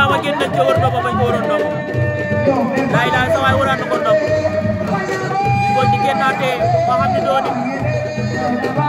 Baba Gueye nag ca war na ko bañ ko waroon ndox daay daal sa waay waraat na ko ndox di ko diggante ba xam ne doo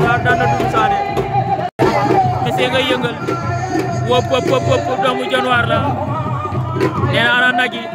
waaw nga yëngal wop wop wop doomu januar la nee naa nag